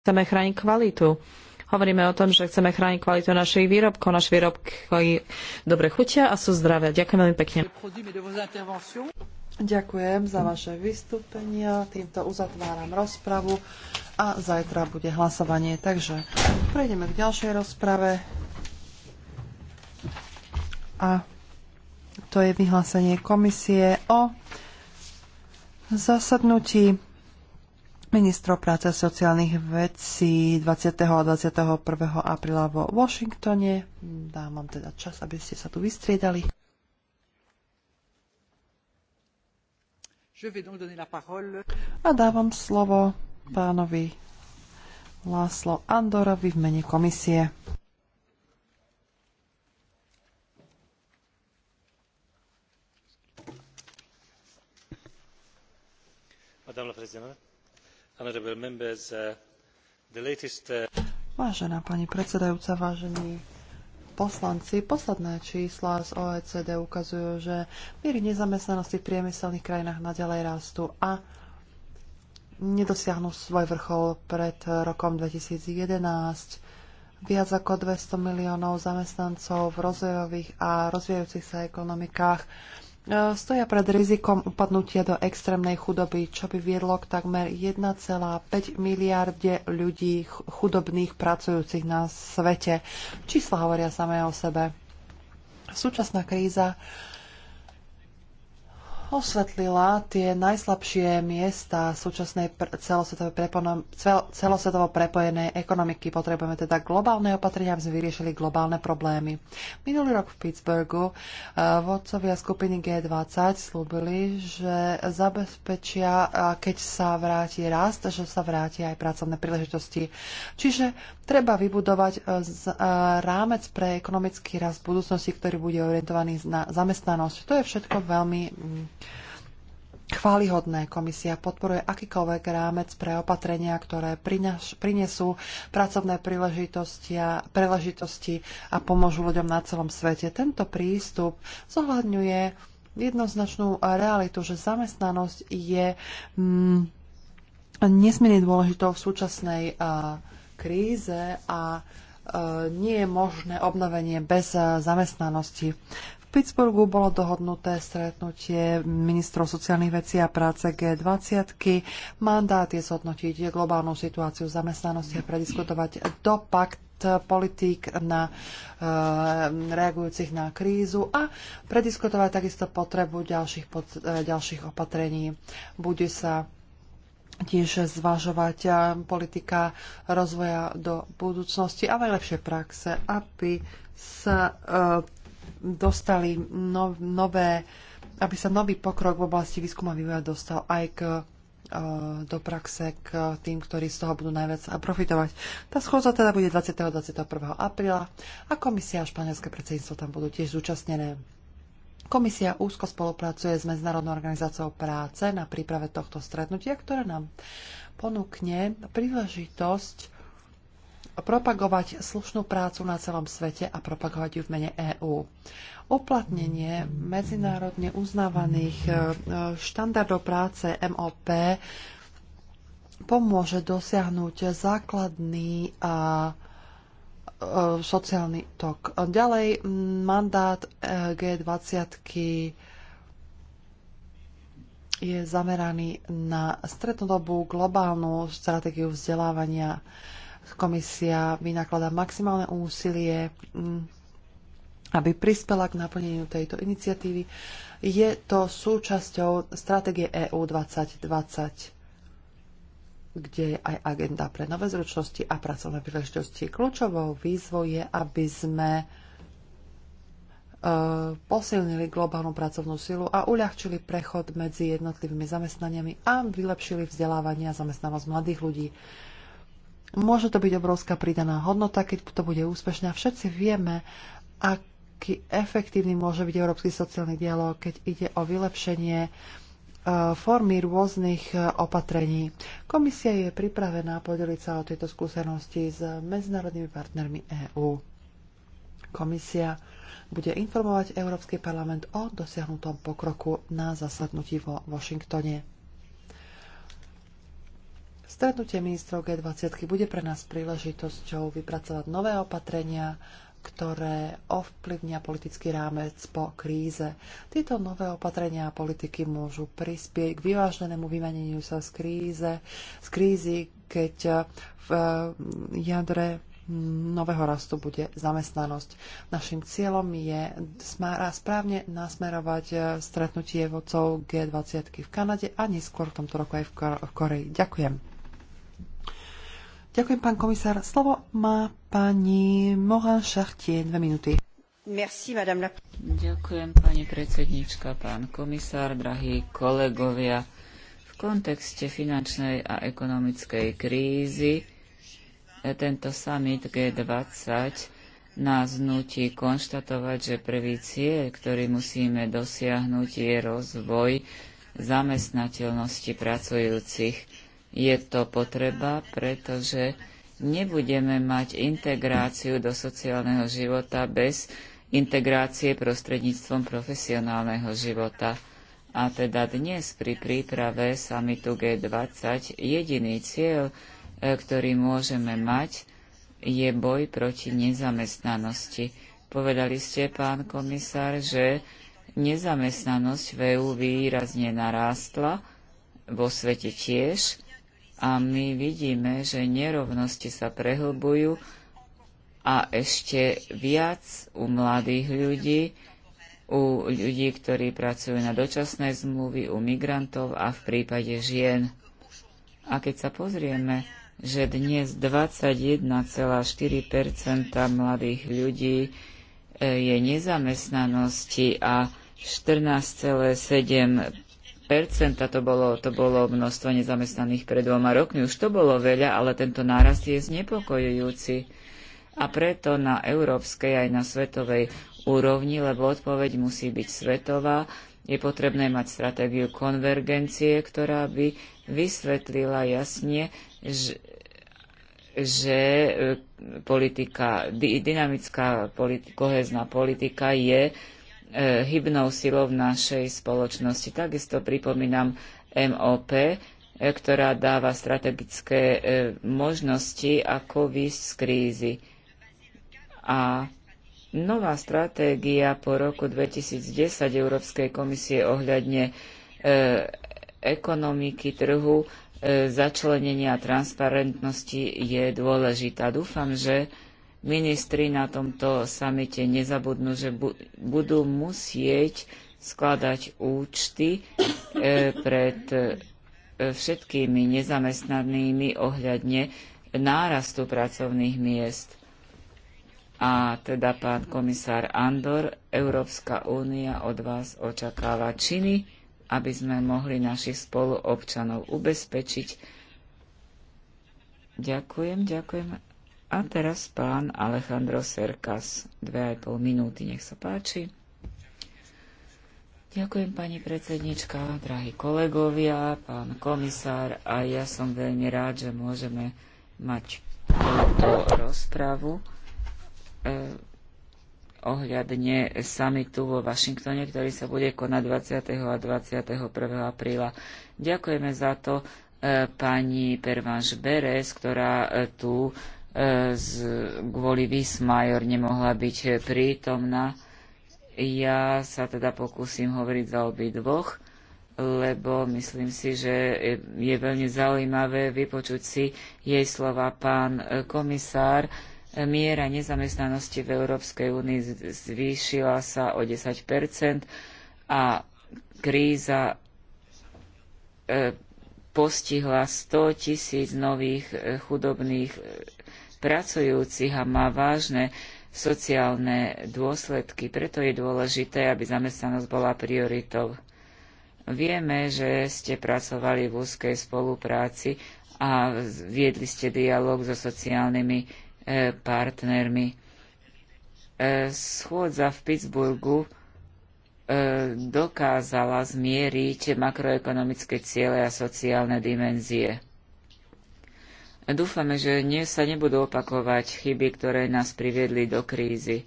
chceme chrániť kvalitu. Hovoríme o tom, že chceme chrániť kvalitu našich výrobkov. Naše výrobky dobre chutia a sú zdravé. Ďakujem veľmi pekne. Ďakujem za vaše vystúpenia. Týmto uzatváram rozpravu a zajtra bude hlasovanie. Takže prejdeme k ďalšej rozprave. A to je vyhlásenie komisie o zasadnutí ministrov práce a sociálnych vecí 20. a 21. apríla vo Washingtone. Dám vám teda čas, aby ste sa tu vystriedali. A dávam slovo pánovi Láslo Andorovi v mene komisie. Madame la Présidente, Uh, uh, Vážená pani predsedajúca, vážení poslanci, posledné čísla z OECD ukazujú, že miery nezamestnanosti v priemyselných krajinách naďalej rastú a nedosiahnu svoj vrchol pred rokom 2011. Viac ako 200 miliónov zamestnancov v rozvojových a rozvíjajúcich sa ekonomikách E, stoja pred rizikom upadnutia do extrémnej chudoby, čo by viedlo k takmer 1,5 miliarde ľudí chudobných pracujúcich na svete. Čísla hovoria samé o sebe. Súčasná kríza osvetlila tie najslabšie miesta súčasnej pr- celosvetovo, prepono- cel- celosvetovo prepojenej ekonomiky. Potrebujeme teda globálne opatrenia, aby sme vyriešili globálne problémy. Minulý rok v Pittsburghu uh, vodcovia skupiny G20 slúbili, že zabezpečia, uh, keď sa vráti rast, že sa vráti aj pracovné príležitosti. Čiže treba vybudovať uh, z, uh, rámec pre ekonomický rast v budúcnosti, ktorý bude orientovaný na zamestnanosť. To je všetko veľmi mm, chválihodné. Komisia podporuje akýkoľvek rámec pre opatrenia, ktoré prinesú pracovné príležitosti a, príležitosti a pomôžu ľuďom na celom svete. Tento prístup zohľadňuje jednoznačnú realitu, že zamestnanosť je mm, nesmierne dôležitou v súčasnej a, kríze a nie je možné obnovenie bez zamestnanosti. Pittsburghu bolo dohodnuté stretnutie ministrov sociálnych vecí a práce G20. Mandát je zhodnotiť globálnu situáciu zamestnanosti a prediskutovať dopad politík na e, reagujúcich na krízu a prediskutovať takisto potrebu ďalších, pod, e, ďalších opatrení. Bude sa tiež zvažovať eh, politika rozvoja do budúcnosti a najlepšie praxe, aby sa e, dostali no, nové, aby sa nový pokrok v oblasti výskuma vývoja dostal aj k e, do praxe k tým, ktorí z toho budú najviac profitovať. Tá schôdza teda bude 20. 21. apríla a komisia a španielské predsedníctvo tam budú tiež zúčastnené. Komisia úzko spolupracuje s Medzinárodnou organizáciou práce na príprave tohto stretnutia, ktoré nám ponúkne príležitosť propagovať slušnú prácu na celom svete a propagovať ju v mene EÚ. Uplatnenie medzinárodne uznávaných e, štandardov práce MOP pomôže dosiahnuť základný a e, sociálny tok. Ďalej mandát e, G20 je zameraný na strednodobú globálnu stratégiu vzdelávania Komisia vynakladá maximálne úsilie, mm, aby prispela k naplneniu tejto iniciatívy. Je to súčasťou stratégie EU 2020 kde je aj agenda pre nové zručnosti a pracovné príležitosti. Kľúčovou výzvou je, aby sme e, posilnili globálnu pracovnú silu a uľahčili prechod medzi jednotlivými zamestnaniami a vylepšili vzdelávanie a zamestnanosť mladých ľudí. Môže to byť obrovská pridaná hodnota, keď to bude úspešné. A všetci vieme, aký efektívny môže byť európsky sociálny dialog, keď ide o vylepšenie e, formy rôznych e, opatrení. Komisia je pripravená podeliť sa o tieto skúsenosti s medzinárodnými partnermi EÚ. Komisia bude informovať Európsky parlament o dosiahnutom pokroku na zasadnutí vo Washingtone. Stretnutie ministrov G20 bude pre nás príležitosťou vypracovať nové opatrenia, ktoré ovplyvnia politický rámec po kríze. Tieto nové opatrenia a politiky môžu prispieť k vyváženému vymaneniu sa z kríze, z krízy, keď eh, v eh, jadre nového rastu bude zamestnanosť. Našim cieľom je správne nasmerovať eh, stretnutie vodcov G20 v Kanade a neskôr v tomto roku aj v Koreji. Ďakujem. Ďakujem, pán komisár. Slovo má pani Mohan Šachtie, dve minúty. Merci, madame la... Ďakujem, pani predsednička, pán komisár, drahí kolegovia. V kontexte finančnej a ekonomickej krízy e, tento summit G20 nás nutí konštatovať, že prvý cieľ, ktorý musíme dosiahnuť, je rozvoj zamestnateľnosti pracujúcich je to potreba, pretože nebudeme mať integráciu do sociálneho života bez integrácie prostredníctvom profesionálneho života. A teda dnes pri príprave samitu G20 jediný cieľ, e, ktorý môžeme mať, je boj proti nezamestnanosti. Povedali ste, pán komisár, že nezamestnanosť v EÚ výrazne narástla, vo svete tiež a my vidíme, že nerovnosti sa prehlbujú a ešte viac u mladých ľudí, u ľudí, ktorí pracujú na dočasné zmluvy, u migrantov a v prípade žien. A keď sa pozrieme, že dnes 21,4 mladých ľudí eh, je nezamestnanosti a 14,7 to bolo, to bolo množstvo nezamestnaných pred dvoma rokmi. Už to bolo veľa, ale tento nárast je znepokojujúci. A preto na európskej aj na svetovej úrovni, lebo odpoveď musí byť svetová, je potrebné mať stratégiu konvergencie, ktorá by vysvetlila jasne, že, že e, politika, dynamická politi- kohezná politika je E, hybnou silou v našej spoločnosti. Takisto pripomínam MOP, e, ktorá dáva strategické e, možnosti, ako výjsť z krízy. A nová stratégia po roku 2010 Európskej komisie ohľadne ekonomiky trhu, začlenenia a transparentnosti je dôležitá. Dúfam, že ministri na tomto samite nezabudnú, že budú musieť skladať účty e, pred e, všetkými nezamestnanými ohľadne nárastu pracovných miest. A teda pán komisár Andor, Európska únia od vás očakáva činy, aby sme mohli našich spoluobčanov ubezpečiť. Ďakujem, ďakujem. A teraz pán Alejandro Serkas, dve aj pol minúty, nech sa páči. Ďakujem pani predsednička, drahí kolegovia, pán komisár a ja som veľmi rád, že môžeme mať túto rozpravu e, ohľadne samitu vo Washingtone, ktorý sa bude konať 20. a 21. apríla. Ďakujeme za to e, pani Pervanš Beres, ktorá e, tu E, z, kvôli Vismajor nemohla byť prítomná. Ja sa teda pokúsim hovoriť za obi dvoch, lebo myslím si, že je veľmi zaujímavé vypočuť si jej slova pán komisár. Miera nezamestnanosti v Európskej únii zvýšila sa o 10 a kríza e, postihla 100 tisíc nových e, chudobných pracujúcich a má vážne sociálne dôsledky. Preto je dôležité, aby zamestnanosť bola prioritou. Vieme, že ste pracovali v úzkej spolupráci a viedli ste dialog so sociálnymi e, partnermi. E, schôdza v Pittsburghu e, dokázala zmieriť makroekonomické ciele a sociálne dimenzie. Dúfame, že nie sa nebudú opakovať chyby, ktoré nás priviedli do krízy.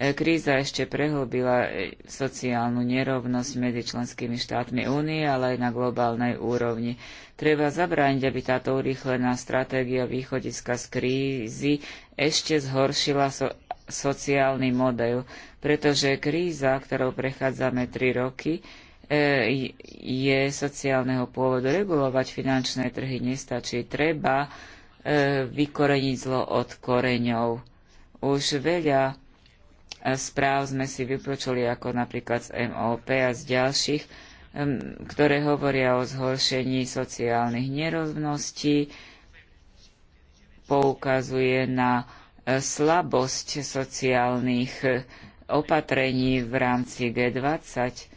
E, kríza ešte prehlbila e, sociálnu nerovnosť medzi členskými štátmi únie, ale aj na globálnej úrovni. Treba zabrániť, aby táto urýchlená stratégia východiska z krízy ešte zhoršila so- sociálny model, pretože kríza, ktorou prechádzame tri roky, E, je sociálneho pôvodu. Regulovať finančné trhy nestačí. Treba e, vykoreniť zlo od koreňov. Už veľa e, správ sme si vypočuli, ako napríklad z MOP a z ďalších, ktoré hovoria o zhoršení sociálnych nerovností, poukazuje na slabosť sociálnych opatrení v rámci G20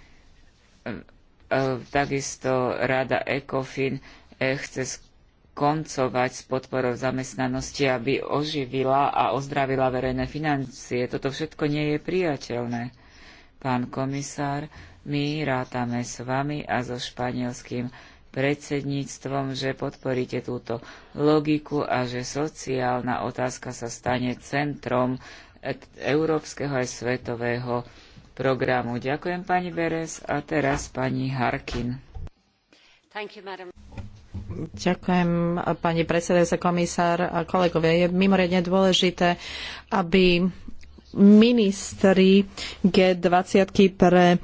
Ehm, takisto rada ECOFIN eh, chce skoncovať s podporou zamestnanosti, aby oživila a ozdravila verejné financie. Toto všetko nie je prijateľné. Pán komisár, my rátame s vami a so španielským predsedníctvom, že podporíte túto logiku a že sociálna otázka sa stane centrom e- európskeho aj svetového programu. Ďakujem pani Beres a teraz pani Harkin. You, Ďakujem pani predsedajúca komisár a kolegovia. Je mimoriadne dôležité, aby ministri G20 pre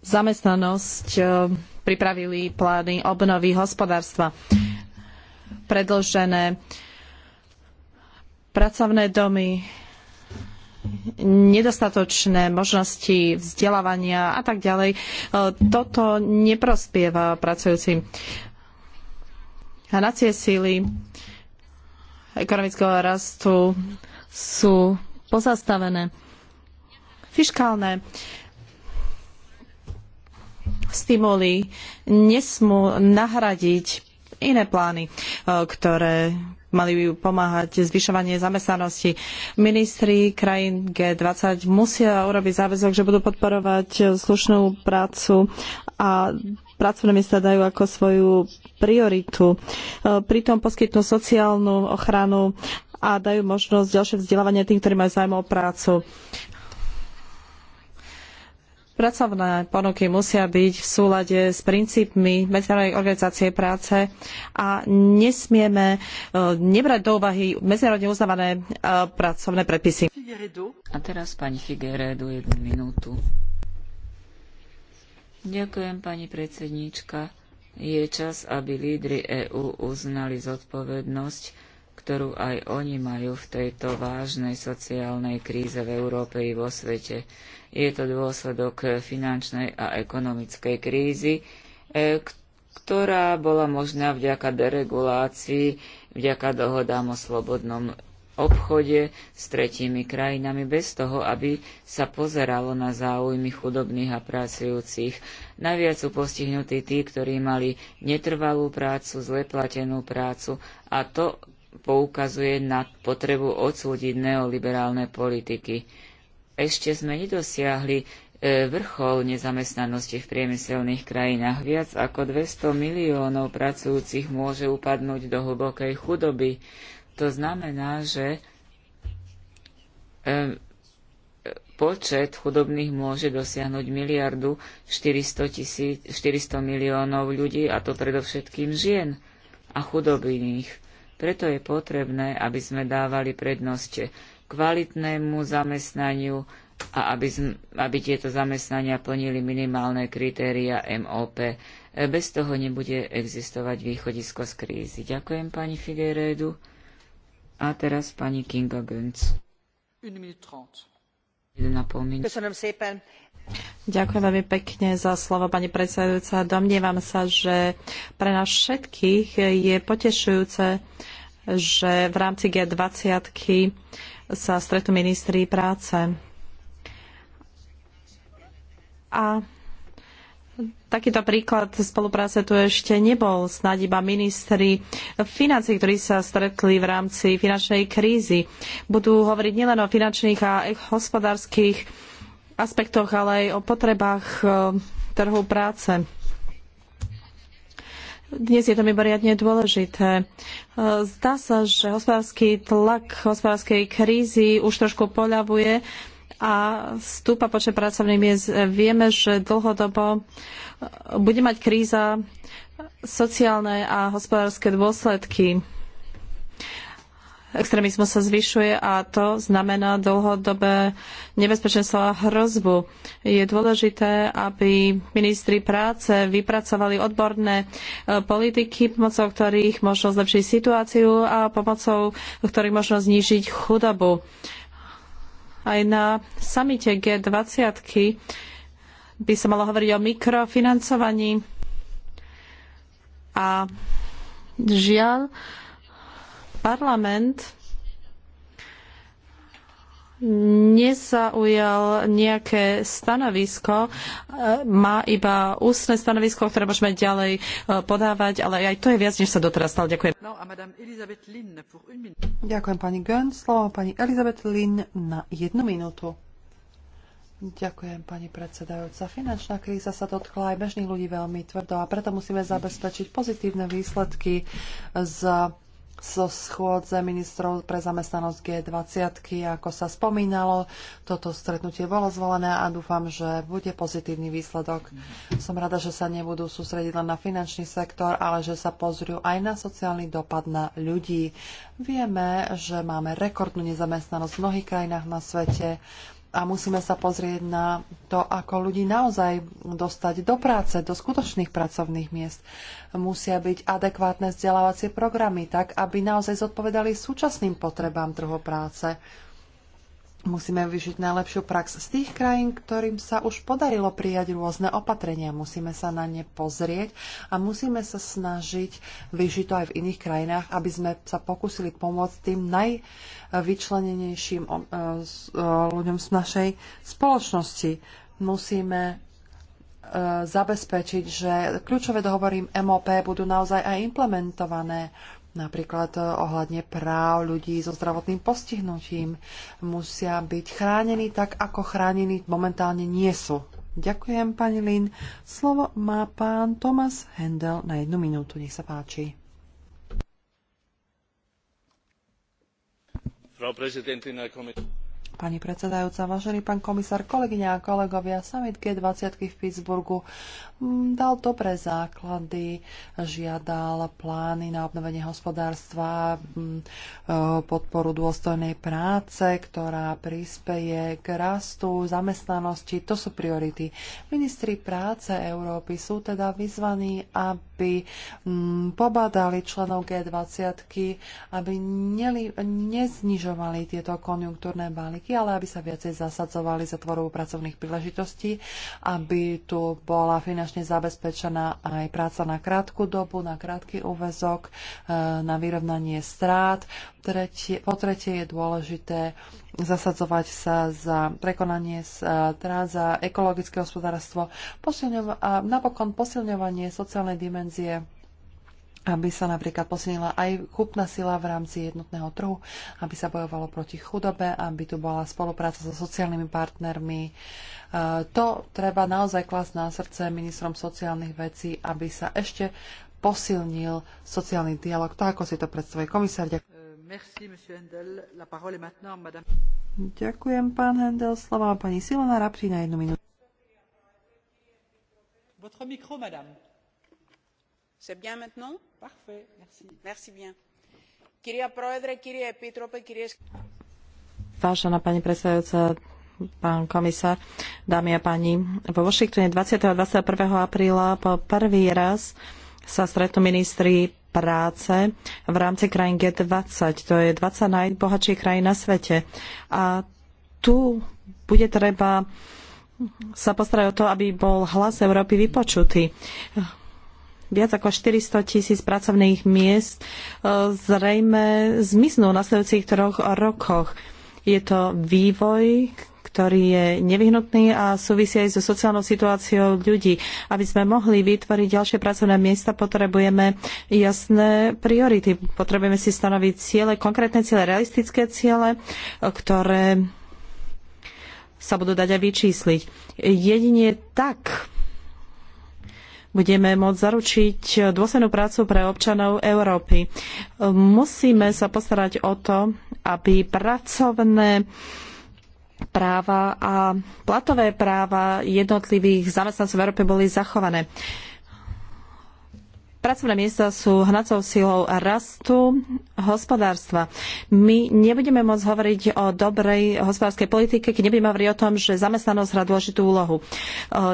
zamestnanosť eh, pripravili plány obnovy hospodárstva. Predlžené pracovné domy, nedostatočné možnosti vzdelávania a tak ďalej. E, toto neprospieva pracujúcim. Hnacie síly ekonomického rastu sú pozastavené. Fiškálne stimuly nesmú nahradiť iné plány, e, ktoré mali by pomáhať zvyšovanie zamestnanosti. Ministri krajín G20 musia urobiť záväzok, že budú podporovať slušnú prácu a pracovné miesta dajú ako svoju prioritu. Pritom poskytnú sociálnu ochranu a dajú možnosť ďalšie vzdelávanie tým, ktorí majú zájmo o prácu. Pracovné ponuky musia byť v súlade s princípmi Medzinárodnej organizácie práce a nesmieme e, nebrať do úvahy medzinárodne uznávané e, pracovné predpisy. A teraz pani Figueredo jednu minútu. Ďakujem, pani predsedníčka. Je čas, aby lídry EÚ uznali zodpovednosť ktorú aj oni majú v tejto vážnej sociálnej kríze v Európe i vo svete. Je to dôsledok finančnej a ekonomickej krízy, e, ktorá bola možná vďaka deregulácii, vďaka dohodám o slobodnom obchode s tretími krajinami bez toho, aby sa pozeralo na záujmy chudobných a pracujúcich. Najviac sú postihnutí tí, ktorí mali netrvalú prácu, zleplatenú prácu a to poukazuje na potrebu odsúdiť neoliberálne politiky. Ešte sme nedosiahli e, vrchol nezamestnanosti v priemyselných krajinách. Viac ako 200 miliónov pracujúcich môže upadnúť do hlbokej chudoby. To znamená, že e, počet chudobných môže dosiahnuť miliardu 400, tisíc, 400 miliónov ľudí, a to predovšetkým žien a chudobných. Preto je potrebné, aby sme dávali prednosť kvalitnému zamestnaniu a aby, aby tieto zamestnania plnili minimálne kritéria MOP. Bez toho nebude existovať východisko z krízy. Ďakujem pani Figueredu. A teraz pani Kinga Gönc. 1 minút 30. 1,5 Ďakujem veľmi pekne za slovo, pani predsedajúca. Domnievam sa, že pre nás všetkých je potešujúce, že v rámci G20 sa stretnú ministri práce. A takýto príklad spolupráce tu ešte nebol. Snáď iba ministri financí, ktorí sa stretli v rámci finančnej krízy. Budú hovoriť nielen o finančných a hospodárskych aspektoch, ale aj o potrebách e, trhu práce. Dnes je to mimoriadne dôležité. E, zdá sa, že hospodársky tlak hospodárskej krízy už trošku poľavuje a stúpa počet pracovných miest. Vieme, že dlhodobo e, bude mať kríza sociálne a hospodárske dôsledky extrémizmus sa zvyšuje a to znamená dlhodobé nebezpečenstvo a hrozbu. Je dôležité, aby ministri práce vypracovali odborné e, politiky, pomocou ktorých možno zlepšiť situáciu a pomocou ktorých možno znížiť chudobu. Aj na samite G20 by sa malo hovoriť o mikrofinancovaní a žiaľ, parlament nezaujal nejaké stanovisko, e, má iba ústne stanovisko, ktoré môžeme ďalej e, podávať, ale aj to je viac, než sa doteraz stalo. Ďakujem. No, Ďakujem pani Gönn. slovo pani Elizabeth Lin na jednu minútu. Ďakujem, pani predsedajúca. Finančná kríza sa dotkla aj bežných ľudí veľmi tvrdo a preto musíme zabezpečiť pozitívne výsledky z zo schôdze ministrov pre zamestnanosť G20, ako sa spomínalo. Toto stretnutie bolo zvolené a dúfam, že bude pozitívny výsledok. Som rada, že sa nebudú sústrediť len na finančný sektor, ale že sa pozrú aj na sociálny dopad na ľudí. Vieme, že máme rekordnú nezamestnanosť v mnohých krajinách na svete a musíme sa pozrieť na to, ako ľudí naozaj dostať do práce, do skutočných pracovných miest. Musia byť adekvátne vzdelávacie programy, tak aby naozaj zodpovedali súčasným potrebám trhu práce Musíme využiť najlepšiu prax z tých krajín, ktorým sa už podarilo prijať rôzne opatrenia. Musíme sa na ne pozrieť a musíme sa snažiť využiť to aj v iných krajinách, aby sme sa pokúsili pomôcť tým najvyčlenenejším e, e, ľuďom z našej spoločnosti. Musíme e, zabezpečiť, že kľúčové dohovory MOP budú naozaj aj implementované napríklad eh, ohľadne práv ľudí so zdravotným postihnutím, musia byť chránení tak, ako chránení momentálne nie sú. Ďakujem, pani Lin. Slovo má pán Thomas Hendel na jednu minútu. Nech sa páči. Frau Präsidentin, Herr Kommissar. Pani predsedajúca, vážený pán komisár, kolegyňa a kolegovia, summit G20 v Pittsburghu mm, dal dobré základy, žiadal plány na obnovenie hospodárstva, mm, e, podporu dôstojnej práce, ktorá prispeje k rastu, zamestnanosti. To sú priority. Ministri práce Európy sú teda vyzvaní, aby aby mm, pobadali členov G20, aby neli, neznižovali tieto konjunktúrne balíky, ale aby sa viacej zasadzovali za tvorbu pracovných príležitostí, aby tu bola finančne zabezpečená aj práca na krátku dobu, na krátky úvezok, e, na vyrovnanie strát, tretie, po tretie je dôležité zasadzovať sa za prekonanie teda za ekologické hospodárstvo posilňova- a napokon posilňovanie sociálnej dimenzie aby sa napríklad posilnila aj kúpna sila v rámci jednotného trhu, aby sa bojovalo proti chudobe, aby tu bola spolupráca so sociálnymi partnermi. E, to treba naozaj klasť na srdce ministrom sociálnych vecí, aby sa ešte posilnil sociálny dialog, tak ako si to predstavuje komisár. Ďakujem. Merci, Handel. La Ďakujem, pán Hendel. Slova pani Silona Rapči na jednu minútu. Votre micro, madame. C'est bien maintenant? Parfait, merci. Merci bien. Kyria Proedre, Kyria Epitrope, Vážená pani predsedajúca, pán komisár, dámy a páni. Vo Washingtone 20. a 21. apríla po prvý raz sa stretnú ministri práce v rámci krajín G20. To je 20 najbohatších krajín na svete. A tu bude treba sa postarať o to, aby bol hlas Európy vypočutý. Viac ako 400 tisíc pracovných miest e, zrejme zmiznú v nasledujúcich troch rokoch. Je to vývoj, ktorý je nevyhnutný a súvisí aj so sociálnou situáciou ľudí. Aby sme mohli vytvoriť ďalšie pracovné miesta, potrebujeme jasné priority. Potrebujeme si stanoviť ciele, konkrétne ciele, realistické ciele, ktoré sa budú dať aj vyčísliť. Jedine tak budeme môcť zaručiť dôslednú prácu pre občanov Európy. Musíme sa postarať o to, aby pracovné práva a platové práva jednotlivých zamestnancov v Európe boli zachované. Pracovné miesta sú hnacou silou rastu hospodárstva. My nebudeme môcť hovoriť o dobrej hospodárskej politike, keď nebudeme hovoriť o tom, že zamestnanosť hrá dôležitú úlohu.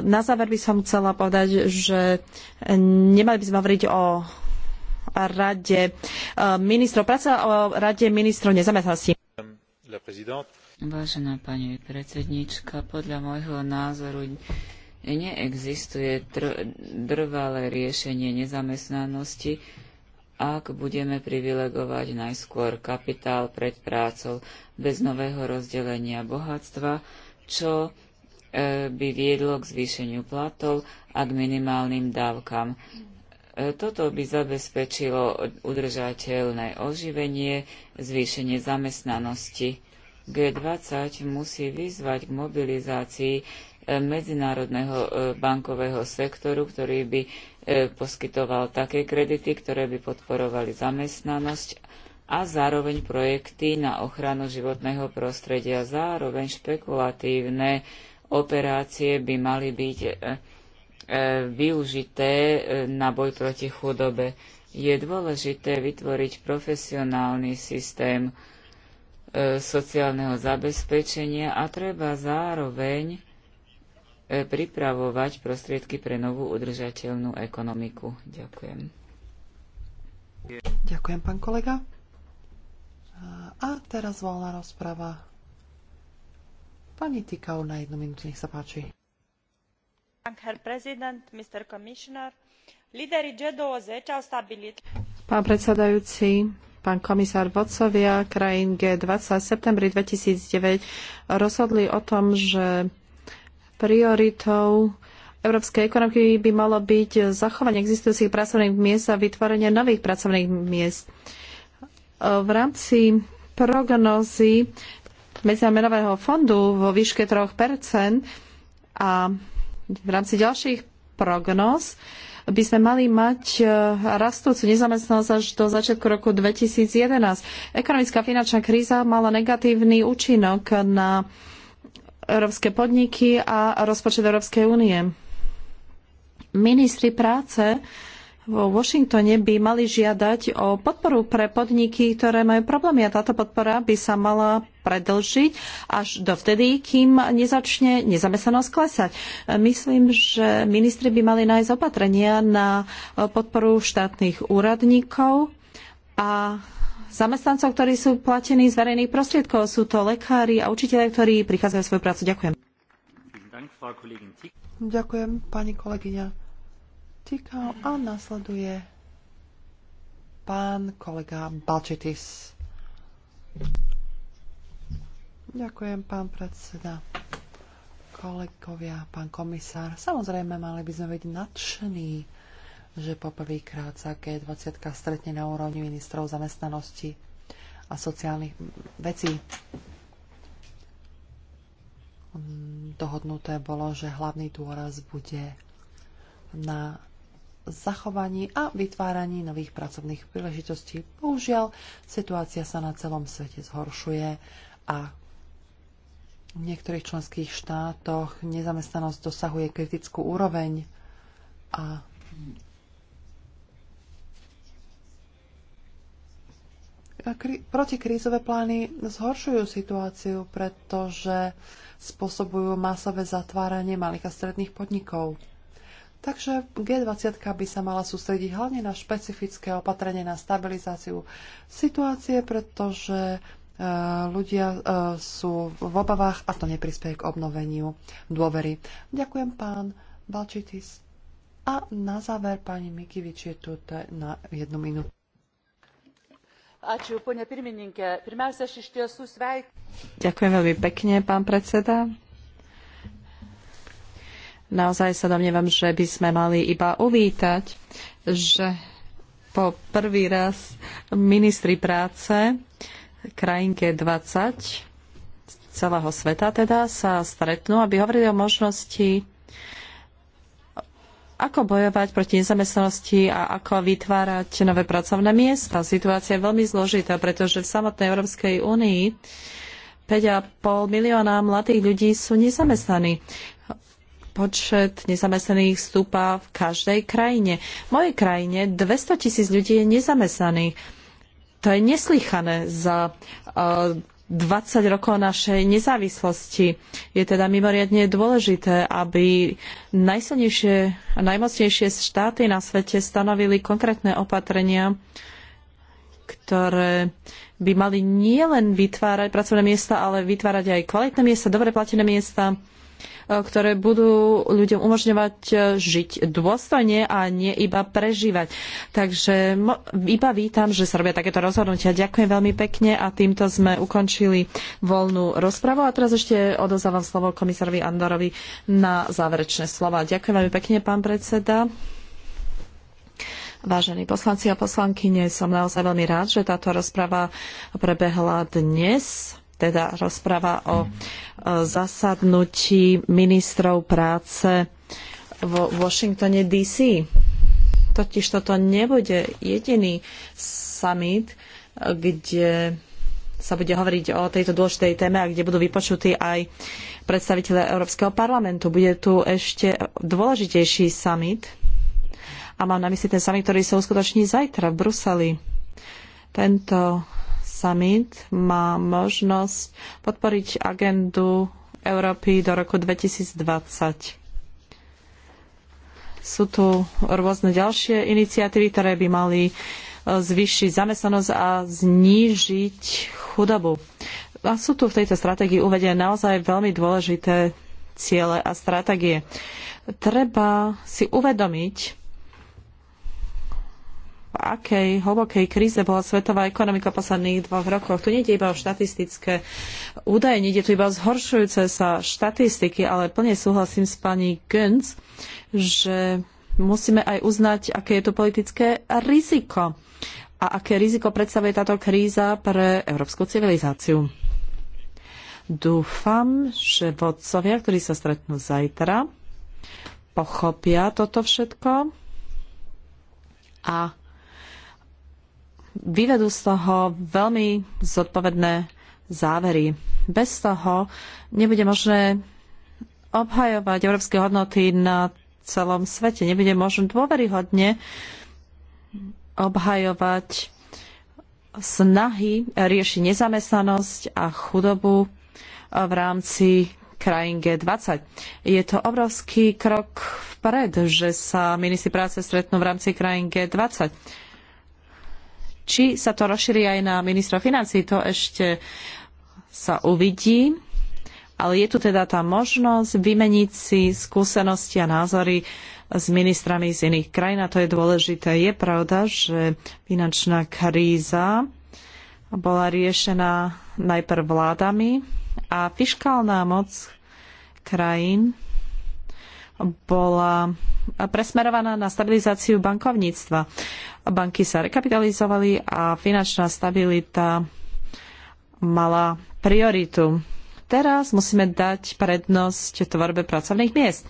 Na záver by som chcela povedať, že nemali by sme hovoriť o rade e, ministrov práce o rade ministrov nezamestnanosti. Vážená pani predsednička, podľa môjho názoru neexistuje trvalé riešenie nezamestnanosti, ak budeme privilegovať najskôr kapitál pred prácou bez nového rozdelenia bohatstva, čo e, by viedlo k zvýšeniu platov a k minimálnym dávkam. E, toto by zabezpečilo udržateľné oživenie, zvýšenie zamestnanosti. G20 musí vyzvať k mobilizácii e, medzinárodného e, bankového sektoru, ktorý by e, poskytoval také kredity, ktoré by podporovali zamestnanosť a zároveň projekty na ochranu životného prostredia. Zároveň špekulatívne operácie by mali byť využité na boj proti chudobe. Je dôležité vytvoriť profesionálny systém E, sociálneho zabezpečenia a treba zároveň e, pripravovať prostriedky pre novú udržateľnú ekonomiku. Ďakujem. Ďakujem, pán kolega. E, a teraz voľná rozprava. Pani Tikau na jednu minútu, nech sa páči. Pán predsedajúci, pán komisár vodcovia krajín G20 v septembri 2009 rozhodli o tom, že prioritou európskej ekonomiky by malo byť zachovanie existujúcich pracovných miest a vytvorenie nových pracovných miest. V rámci prognozy Medzinárodného fondu vo výške 3% a v rámci ďalších prognoz by sme mali mať e, rastúcu nezamestnanosť až do začiatku roku 2011. Ekonomická finančná kríza mala negatívny účinok na európske podniky a rozpočet Európskej únie. Ministri práce vo Washingtone by mali žiadať o podporu pre podniky, ktoré majú problémy a táto podpora by sa mala predlžiť až dovtedy, kým nezačne nezamestnanosť klesať. Myslím, že ministri by mali nájsť opatrenia na podporu štátnych úradníkov a zamestnancov, ktorí sú platení z verejných prostriedkov. Sú to lekári a učiteľe, ktorí prichádzajú svoju prácu. Ďakujem. Ďakujem, pani kolegyňa. Tikal a nasleduje pán kolega Balčitis. Ďakujem, pán predseda. Kolegovia, pán komisár, samozrejme mali by sme byť nadšení, že poprvýkrát sa G20 stretne na úrovni ministrov zamestnanosti a sociálnych vecí. Dohodnuté bolo, že hlavný dôraz bude na zachovaní a vytváraní nových pracovných príležitostí. Bohužiaľ, situácia sa na celom svete zhoršuje a v niektorých členských štátoch nezamestnanosť dosahuje kritickú úroveň a protikrízové plány zhoršujú situáciu, pretože spôsobujú masové zatváranie malých a stredných podnikov. Takže G20 by sa mala sústrediť hlavne na špecifické opatrenie na stabilizáciu situácie, pretože e, ľudia e, sú v obavách a to neprispieje k obnoveniu dôvery. Ďakujem pán Balčitis. A na záver pani Mikivič je tu na jednu minútu. Ďakujem veľmi pekne, pán predseda. Naozaj sa domnievam, že by sme mali iba uvítať, že po prvý raz ministri práce krajinke 20 celého sveta teda sa stretnú, aby hovorili o možnosti ako bojovať proti nezamestnanosti a ako vytvárať nové pracovné miesta. Situácia je veľmi zložitá, pretože v samotnej Európskej únii 5,5 milióna mladých ľudí sú nezamestnaní počet nezamestnaných stúpa v každej krajine. V mojej krajine 200 tisíc ľudí je nezamestnaných. To je neslychané za 20 eh, rokov našej nezávislosti. Je teda mimoriadne dôležité, aby najsilnejšie a najmocnejšie štáty na svete stanovili konkrétne opatrenia, ktoré by mali nielen vytvárať pracovné miesta, ale vytvárať aj kvalitné miesta, dobre platené miesta E, ktoré budú ľuďom umožňovať e, žiť dôstojne a nie iba prežívať. Takže iba vítam, že sa robia takéto rozhodnutia. Ďakujem veľmi pekne a týmto sme ukončili voľnú rozpravu. A teraz ešte odozávam slovo komisárovi Andorovi na záverečné slova. Ďakujem veľmi pekne, pán predseda. Vážení poslanci a poslankyne, som naozaj veľmi rád, že táto rozprava prebehla dnes teda rozpráva o e, zasadnutí ministrov práce vo Washingtone DC. Totiž toto nebude jediný summit, kde sa bude hovoriť o tejto dôležitej téme a kde budú vypočutí aj predstavitelia Európskeho parlamentu. Bude tu ešte dôležitejší summit a mám na mysli ten summit, ktorý sa uskutoční zajtra v Bruseli. Tento summit má možnosť podporiť agendu Európy do roku 2020. Sú tu rôzne ďalšie iniciatívy, ktoré by mali e, zvýšiť zamestnanosť a znížiť chudobu. A sú tu v tejto stratégii uvedené naozaj veľmi dôležité ciele a stratégie. Treba si uvedomiť, akej hlbokej kríze bola svetová ekonomika v posledných dvoch rokoch. Tu nejde iba o štatistické údaje, nejde tu iba o zhoršujúce sa štatistiky, ale plne súhlasím s pani Gönc, že musíme aj uznať, aké je to politické riziko a aké riziko predstavuje táto kríza pre európsku civilizáciu. Dúfam, že vodcovia, ktorí sa stretnú zajtra, pochopia toto všetko a vyvedú z toho veľmi zodpovedné závery. Bez toho nebude možné obhajovať európske hodnoty na celom svete. Nebude možné dôveryhodne obhajovať snahy riešiť nezamestnanosť a chudobu v rámci krajín G20. Je to obrovský krok vpred, že sa ministri práce stretnú v rámci krajín G20 či sa to rozšíri aj na ministra financí, to ešte sa uvidí. Ale je tu teda tá možnosť vymeniť si skúsenosti a názory s ministrami z iných krajín a to je dôležité. Je pravda, že finančná kríza bola riešená najprv vládami a fiškálna moc krajín bola presmerovaná na stabilizáciu bankovníctva. Banky sa rekapitalizovali a finančná stabilita mala prioritu. Teraz musíme dať prednosť tvorbe pracovných miest.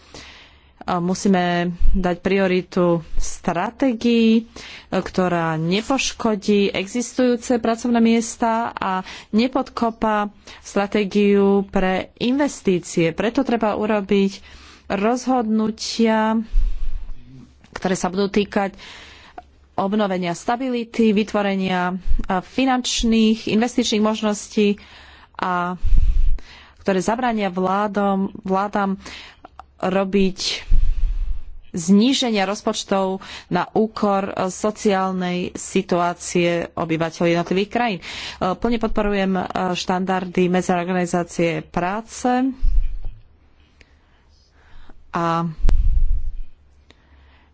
Musíme dať prioritu stratégii, ktorá nepoškodí existujúce pracovné miesta a nepodkopa stratégiu pre investície. Preto treba urobiť rozhodnutia, ktoré sa budú týkať obnovenia stability, vytvorenia finančných, investičných možností a ktoré zabrania vládom, vládam robiť zníženia rozpočtov na úkor e, sociálnej situácie obyvateľov jednotlivých krajín. E, plne podporujem e, štandardy Medziorganizácie práce a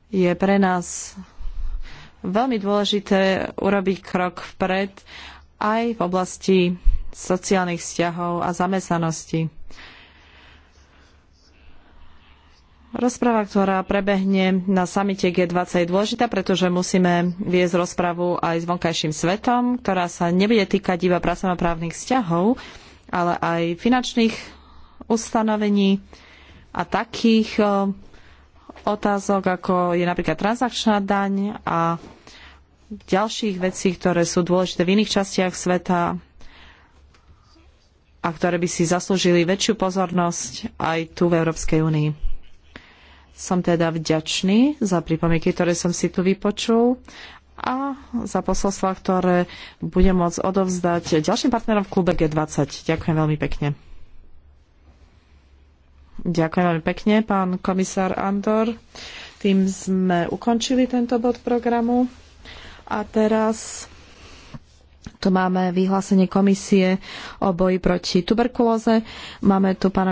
je pre nás veľmi dôležité urobiť krok vpred aj v oblasti sociálnych vzťahov a zamestnanosti. Rozprava, ktorá prebehne na samite G20 je dôležitá, pretože musíme viesť rozpravu aj s vonkajším svetom, ktorá sa nebude týkať iba pracovnoprávnych vzťahov, ale aj finančných ustanovení, a takých e, otázok, ako je napríklad transakčná daň a ďalších vecí, ktoré sú dôležité v iných častiach sveta a ktoré by si zaslúžili väčšiu pozornosť aj tu v Európskej únii. Som teda vďačný za pripomienky, ktoré som si tu vypočul a za posolstva, ktoré budem môcť odovzdať ďalším partnerom v klube G20. Ďakujem veľmi pekne. Ďakujem veľmi pekne, pán komisár Andor. Tým sme ukončili tento bod programu. A teraz tu máme vyhlásenie komisie o boji proti tuberkulóze. Máme tu pána